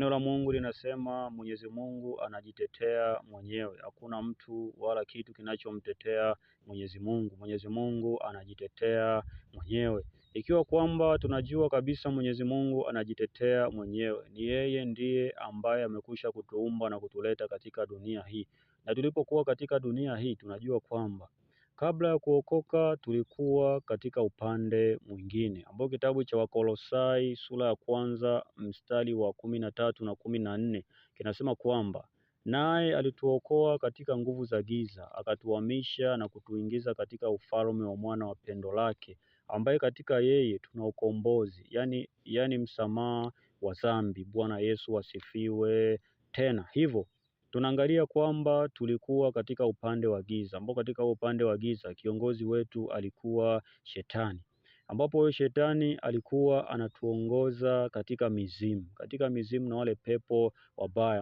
Neno la Mungu linasema Mwenyezi Mungu anajitetea mwenyewe, hakuna mtu wala kitu kinachomtetea Mwenyezi Mungu. Mwenyezi Mungu anajitetea mwenyewe, ikiwa kwamba tunajua kabisa Mwenyezi Mungu anajitetea mwenyewe. Ni yeye ndiye ambaye amekwisha kutuumba na kutuleta katika dunia hii, na tulipokuwa katika dunia hii tunajua kwamba Kabla ya kuokoka tulikuwa katika upande mwingine, ambao kitabu cha Wakolosai sura ya kwanza mstari wa kumi na tatu na kumi na nne kinasema kwamba naye alituokoa katika nguvu za giza, akatuhamisha na kutuingiza katika ufalme wa mwana wa pendo lake, ambaye katika yeye tuna ukombozi, yani, yani msamaha wa dhambi. Bwana Yesu asifiwe tena hivyo Tunaangalia kwamba tulikuwa katika upande wa giza, ambapo katika upande wa giza kiongozi wetu alikuwa shetani, ambapo huyo shetani alikuwa anatuongoza katika mizimu, katika mizimu na wale pepo wabaya.